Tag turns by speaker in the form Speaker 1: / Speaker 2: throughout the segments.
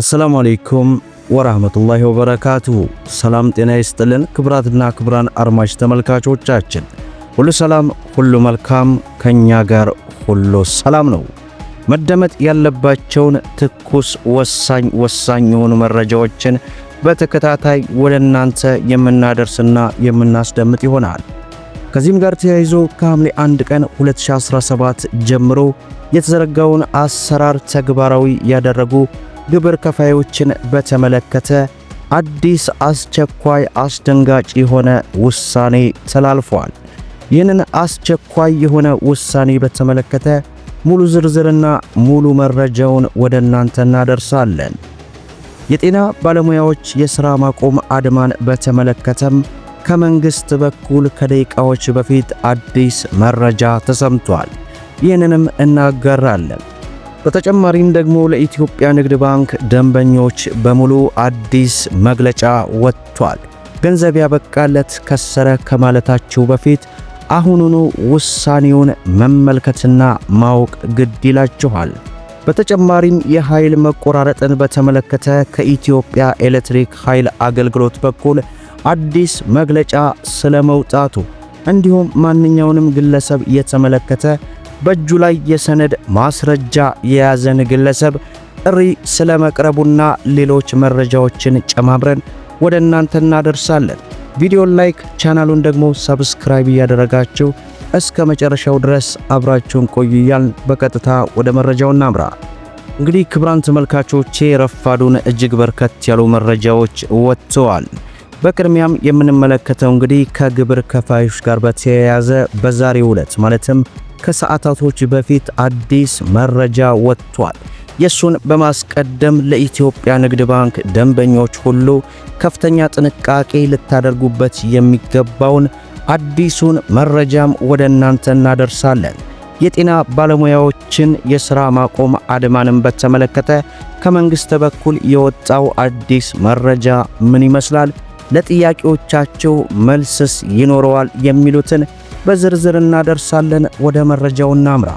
Speaker 1: አሰላሙ አሌይኩም ወራህመቱላሂ ወበረካቱሁ። ሰላም ጤና ይስጥልን። ክብራትና ክብራን አድማጭ ተመልካቾቻችን ሁሉ ሰላም፣ ሁሉ መልካም፣ ከኛ ጋር ሁሉ ሰላም ነው። መደመጥ ያለባቸውን ትኩስ ወሳኝ ወሳኝ የሆኑ መረጃዎችን በተከታታይ ወደ እናንተ የምናደርስና የምናስደምጥ ይሆናል። ከዚህም ጋር ተያይዞ ከሐምሌ 1 ቀን 2017 ጀምሮ የተዘረጋውን አሰራር ተግባራዊ ያደረጉ ግብር ከፋዮችን በተመለከተ አዲስ አስቸኳይ አስደንጋጭ የሆነ ውሳኔ ተላልፏል። ይህንን አስቸኳይ የሆነ ውሳኔ በተመለከተ ሙሉ ዝርዝርና ሙሉ መረጃውን ወደ እናንተ እናደርሳለን። የጤና ባለሙያዎች የሥራ ማቆም አድማን በተመለከተም ከመንግሥት በኩል ከደቂቃዎች በፊት አዲስ መረጃ ተሰምቷል። ይህንንም እናጋራለን። በተጨማሪም ደግሞ ለኢትዮጵያ ንግድ ባንክ ደንበኞች በሙሉ አዲስ መግለጫ ወጥቷል። ገንዘብ ያበቃለት ከሰረ ከማለታቸው በፊት አሁኑኑ ውሳኔውን መመልከትና ማወቅ ግድ ይላችኋል። በተጨማሪም የኃይል መቆራረጥን በተመለከተ ከኢትዮጵያ ኤሌክትሪክ ኃይል አገልግሎት በኩል አዲስ መግለጫ ስለመውጣቱ እንዲሁም ማንኛውንም ግለሰብ የተመለከተ በእጁ ላይ የሰነድ ማስረጃ የያዘን ግለሰብ ጥሪ ስለመቅረቡና ሌሎች መረጃዎችን ጨማምረን ወደ እናንተ እናደርሳለን። ቪዲዮን ላይክ፣ ቻናሉን ደግሞ ሰብስክራይብ እያደረጋችሁ እስከ መጨረሻው ድረስ አብራችሁን ቆዩ እያልን በቀጥታ ወደ መረጃው እናምራ። እንግዲህ ክብራን ተመልካቾቼ ረፋዱን እጅግ በርከት ያሉ መረጃዎች ወጥተዋል። በቅድሚያም የምንመለከተው እንግዲህ ከግብር ከፋዮች ጋር በተያያዘ በዛሬው ዕለት ማለትም ከሰዓታቶች በፊት አዲስ መረጃ ወጥቷል። የሱን በማስቀደም ለኢትዮጵያ ንግድ ባንክ ደንበኞች ሁሉ ከፍተኛ ጥንቃቄ ልታደርጉበት የሚገባውን አዲሱን መረጃም ወደ እናንተ እናደርሳለን። የጤና ባለሙያዎችን የሥራ ማቆም አድማንም በተመለከተ ከመንግሥት በኩል የወጣው አዲስ መረጃ ምን ይመስላል? ለጥያቄዎቻቸው መልስስ ይኖረዋል? የሚሉትን በዝርዝር እናደርሳለን። ወደ መረጃው እናምራ።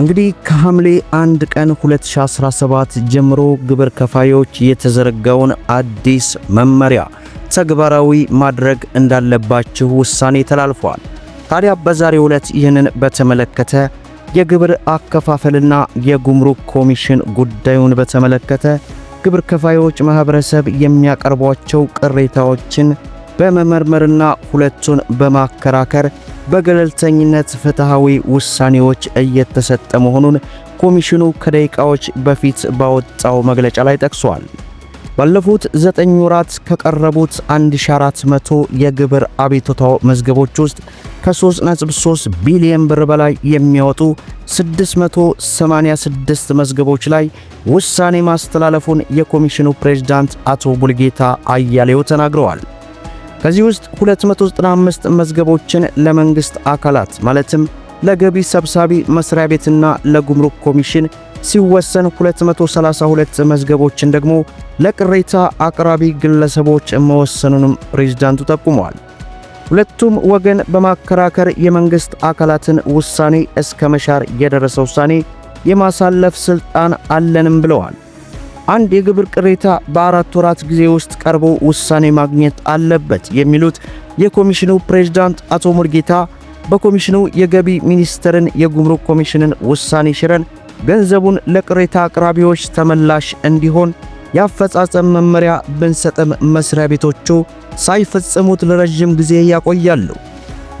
Speaker 1: እንግዲህ ከሐምሌ 1 ቀን 2017 ጀምሮ ግብር ከፋዮች የተዘረጋውን አዲስ መመሪያ ተግባራዊ ማድረግ እንዳለባችሁ ውሳኔ ተላልፏል። ታዲያ በዛሬው ዕለት ይህንን በተመለከተ የግብር አከፋፈልና የጉምሩክ ኮሚሽን ጉዳዩን በተመለከተ ግብር ከፋዮች ማህበረሰብ የሚያቀርቧቸው ቅሬታዎችን በመመርመርና ሁለቱን በማከራከር በገለልተኝነት ፍትሐዊ ውሳኔዎች እየተሰጠ መሆኑን ኮሚሽኑ ከደቂቃዎች በፊት ባወጣው መግለጫ ላይ ጠቅሷል። ባለፉት ዘጠኝ ወራት ከቀረቡት 1400 የግብር አቤቱታ መዝገቦች ውስጥ ከ3.3 ቢሊዮን ብር በላይ የሚያወጡ 686 መዝገቦች ላይ ውሳኔ ማስተላለፉን የኮሚሽኑ ፕሬዝዳንት አቶ ቡልጌታ አያሌው ተናግረዋል። ከዚህ ውስጥ 295 መዝገቦችን ለመንግሥት አካላት ማለትም ለገቢ ሰብሳቢ መስሪያ ቤትና ለጉምሩክ ኮሚሽን ሲወሰን 232 መዝገቦችን ደግሞ ለቅሬታ አቅራቢ ግለሰቦች መወሰኑንም ፕሬዝዳንቱ ጠቁመዋል። ሁለቱም ወገን በማከራከር የመንግሥት አካላትን ውሳኔ እስከ መሻር የደረሰ ውሳኔ የማሳለፍ ሥልጣን አለንም ብለዋል። አንድ የግብር ቅሬታ በአራት ወራት ጊዜ ውስጥ ቀርቦ ውሳኔ ማግኘት አለበት የሚሉት የኮሚሽኑ ፕሬዝዳንት አቶ ሙርጌታ በኮሚሽኑ የገቢ ሚኒስቴርን የጉምሩክ ኮሚሽንን ውሳኔ ሽረን ገንዘቡን ለቅሬታ አቅራቢዎች ተመላሽ እንዲሆን የአፈጻጸም መመሪያ ብንሰጥም መስሪያ ቤቶቹ ሳይፈጽሙት ለረዥም ጊዜ ያቆያሉ።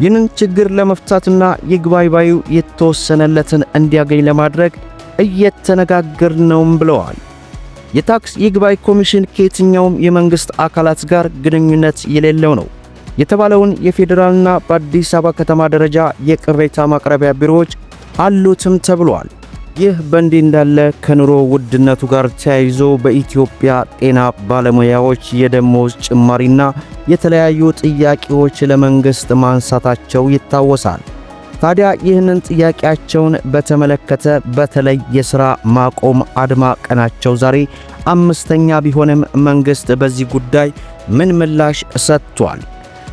Speaker 1: ይህንን ችግር ለመፍታትና ይግባይ ባዩ የተወሰነለትን እንዲያገኝ ለማድረግ እየተነጋገር ነውም ብለዋል። የታክስ ይግባኝ ኮሚሽን ከየትኛውም የመንግስት አካላት ጋር ግንኙነት የሌለው ነው የተባለውን የፌዴራልና በአዲስ አበባ ከተማ ደረጃ የቅሬታ ማቅረቢያ ቢሮዎች አሉትም ተብሏል። ይህ በእንዲህ እንዳለ ከኑሮ ውድነቱ ጋር ተያይዞ በኢትዮጵያ ጤና ባለሙያዎች የደሞዝ ጭማሪና የተለያዩ ጥያቄዎች ለመንግሥት ማንሳታቸው ይታወሳል። ታዲያ ይህንን ጥያቄያቸውን በተመለከተ በተለይ የሥራ ማቆም አድማ ቀናቸው ዛሬ አምስተኛ ቢሆንም መንግሥት በዚህ ጉዳይ ምን ምላሽ ሰጥቷል?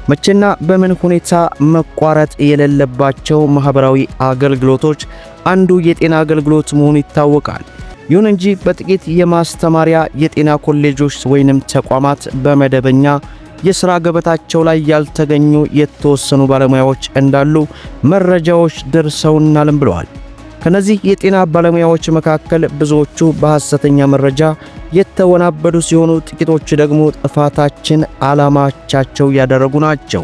Speaker 1: መቼና በምን ሁኔታ መቋረጥ የሌለባቸው ማኅበራዊ አገልግሎቶች አንዱ የጤና አገልግሎት መሆኑ ይታወቃል። ይሁን እንጂ በጥቂት የማስተማሪያ የጤና ኮሌጆች ወይንም ተቋማት በመደበኛ የሥራ ገበታቸው ላይ ያልተገኙ የተወሰኑ ባለሙያዎች እንዳሉ መረጃዎች ደርሰውናልም ብለዋል። ከነዚህ የጤና ባለሙያዎች መካከል ብዙዎቹ በሐሰተኛ መረጃ የተወናበዱ ሲሆኑ፣ ጥቂቶች ደግሞ ጥፋታችን ዓላማቻቸው ያደረጉ ናቸው።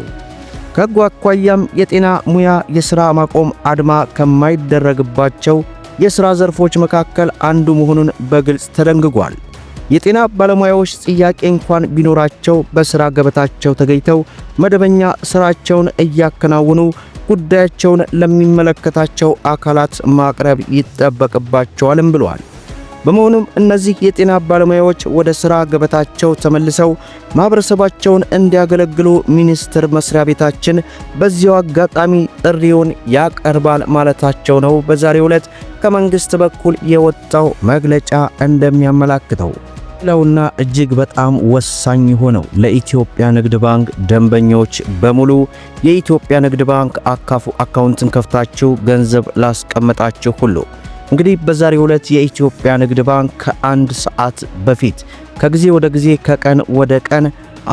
Speaker 1: ከሕጉ አኳያም የጤና ሙያ የሥራ ማቆም አድማ ከማይደረግባቸው የሥራ ዘርፎች መካከል አንዱ መሆኑን በግልጽ ተደንግጓል። የጤና ባለሙያዎች ጥያቄ እንኳን ቢኖራቸው በሥራ ገበታቸው ተገኝተው መደበኛ ሥራቸውን እያከናወኑ ጉዳያቸውን ለሚመለከታቸው አካላት ማቅረብ ይጠበቅባቸዋልም ብለዋል። በመሆኑም እነዚህ የጤና ባለሙያዎች ወደ ሥራ ገበታቸው ተመልሰው ማኅበረሰባቸውን እንዲያገለግሉ ሚኒስቴር መስሪያ ቤታችን በዚያው አጋጣሚ ጥሪውን ያቀርባል ማለታቸው ነው። በዛሬው ዕለት ከመንግሥት በኩል የወጣው መግለጫ እንደሚያመላክተው ለውና እጅግ በጣም ወሳኝ የሆነው ለኢትዮጵያ ንግድ ባንክ ደንበኞች በሙሉ የኢትዮጵያ ንግድ ባንክ አካፉ አካውንትን ከፍታችሁ ገንዘብ ላስቀመጣችሁ ሁሉ እንግዲህ በዛሬው ዕለት የኢትዮጵያ ንግድ ባንክ ከአንድ ሰዓት በፊት ከጊዜ ወደ ጊዜ ከቀን ወደ ቀን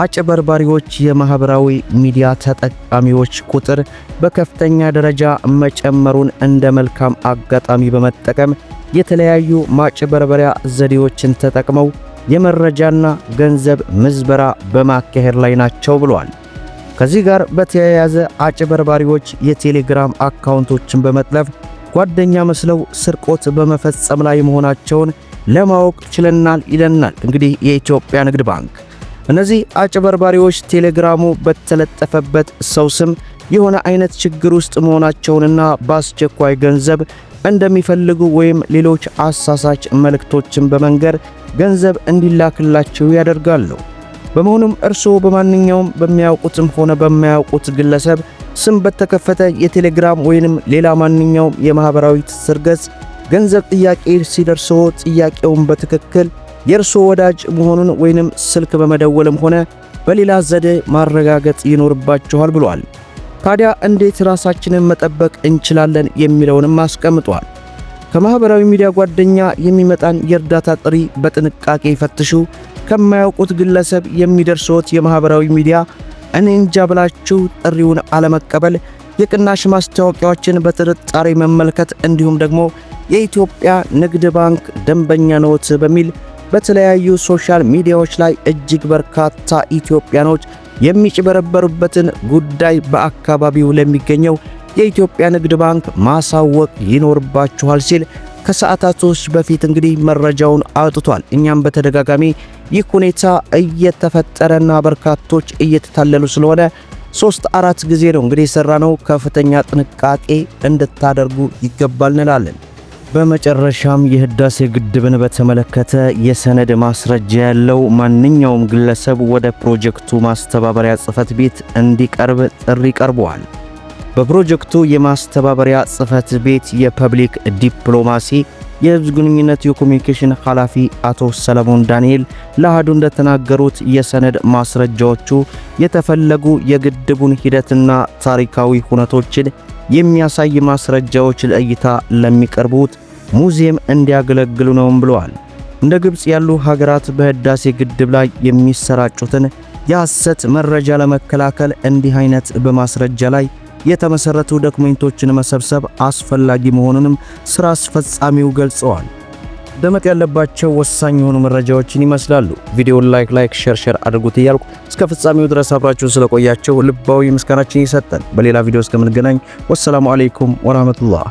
Speaker 1: አጭበርባሪዎች የማህበራዊ ሚዲያ ተጠቃሚዎች ቁጥር በከፍተኛ ደረጃ መጨመሩን እንደ መልካም አጋጣሚ በመጠቀም የተለያዩ ማጭበርበሪያ ዘዴዎችን ተጠቅመው የመረጃና ገንዘብ ምዝበራ በማካሄድ ላይ ናቸው ብለዋል። ከዚህ ጋር በተያያዘ አጭበርባሪዎች የቴሌግራም አካውንቶችን በመጥለፍ ጓደኛ መስለው ስርቆት በመፈጸም ላይ መሆናቸውን ለማወቅ ችለናል ይለናል እንግዲህ የኢትዮጵያ ንግድ ባንክ። እነዚህ አጭበርባሪዎች ቴሌግራሙ በተለጠፈበት ሰው ስም የሆነ አይነት ችግር ውስጥ መሆናቸውንና በአስቸኳይ ገንዘብ እንደሚፈልጉ ወይም ሌሎች አሳሳች መልእክቶችን በመንገር ገንዘብ እንዲላክላቸው ያደርጋሉ። በመሆኑም እርስዎ በማንኛውም በሚያውቁትም ሆነ በማያውቁት ግለሰብ ስም በተከፈተ የቴሌግራም ወይንም ሌላ ማንኛውም የማህበራዊ ትስስር ገጽ ገንዘብ ጥያቄ ሲደርስዎ ጥያቄውን በትክክል የእርስዎ ወዳጅ መሆኑን ወይንም ስልክ በመደወልም ሆነ በሌላ ዘዴ ማረጋገጥ ይኖርባችኋል ብሏል። ታዲያ እንዴት ራሳችንን መጠበቅ እንችላለን የሚለውንም አስቀምጧል። ከማህበራዊ ሚዲያ ጓደኛ የሚመጣን የእርዳታ ጥሪ በጥንቃቄ ይፈትሹ። ከማያውቁት ግለሰብ የሚደርሶት የማህበራዊ ሚዲያ እኔ እንጃ ብላችሁ ጥሪውን አለመቀበል፣ የቅናሽ ማስታወቂያዎችን በጥርጣሬ መመልከት፣ እንዲሁም ደግሞ የኢትዮጵያ ንግድ ባንክ ደንበኛ ነዎት በሚል በተለያዩ ሶሻል ሚዲያዎች ላይ እጅግ በርካታ ኢትዮጵያኖች የሚጭበረበሩበትን ጉዳይ በአካባቢው ለሚገኘው የኢትዮጵያ ንግድ ባንክ ማሳወቅ ይኖርባችኋል ሲል ከሰዓታቶች በፊት እንግዲህ መረጃውን አውጥቷል። እኛም በተደጋጋሚ ይህ ሁኔታ እየተፈጠረና በርካቶች እየተታለሉ ስለሆነ ሶስት አራት ጊዜ ነው እንግዲህ የሰራ ነው። ከፍተኛ ጥንቃቄ እንድታደርጉ ይገባል እንላለን። በመጨረሻም የህዳሴ ግድብን በተመለከተ የሰነድ ማስረጃ ያለው ማንኛውም ግለሰብ ወደ ፕሮጀክቱ ማስተባበሪያ ጽህፈት ቤት እንዲቀርብ ጥሪ ቀርበዋል። በፕሮጀክቱ የማስተባበሪያ ጽህፈት ቤት የፐብሊክ ዲፕሎማሲ የህዝብ ግንኙነት የኮሚኒኬሽን ኃላፊ አቶ ሰለሞን ዳንኤል ለአህዱ እንደተናገሩት የሰነድ ማስረጃዎቹ የተፈለጉ የግድቡን ሂደትና ታሪካዊ ሁነቶችን የሚያሳይ ማስረጃዎች ለእይታ ለሚቀርቡት ሙዚየም እንዲያገለግሉ ነውም ብለዋል። እንደ ግብፅ ያሉ ሀገራት በህዳሴ ግድብ ላይ የሚሰራጩትን የሐሰት መረጃ ለመከላከል እንዲህ አይነት በማስረጃ ላይ የተመሰረቱ ዶክመንቶችን መሰብሰብ አስፈላጊ መሆኑንም ስራ አስፈጻሚው ገልጸዋል። ደመጥ ያለባቸው ወሳኝ የሆኑ መረጃዎችን ይመስላሉ። ቪዲዮውን ላይክ ላይክ ሼር ሼር አድርጉት እያልኩ እስከ ፍጻሜው ድረስ አብራችሁን ስለቆያቸው ልባዊ ምስጋናችን ይሰጠን። በሌላ ቪዲዮ እስከምንገናኝ ወሰላሙ አለይኩም ወራህመቱላህ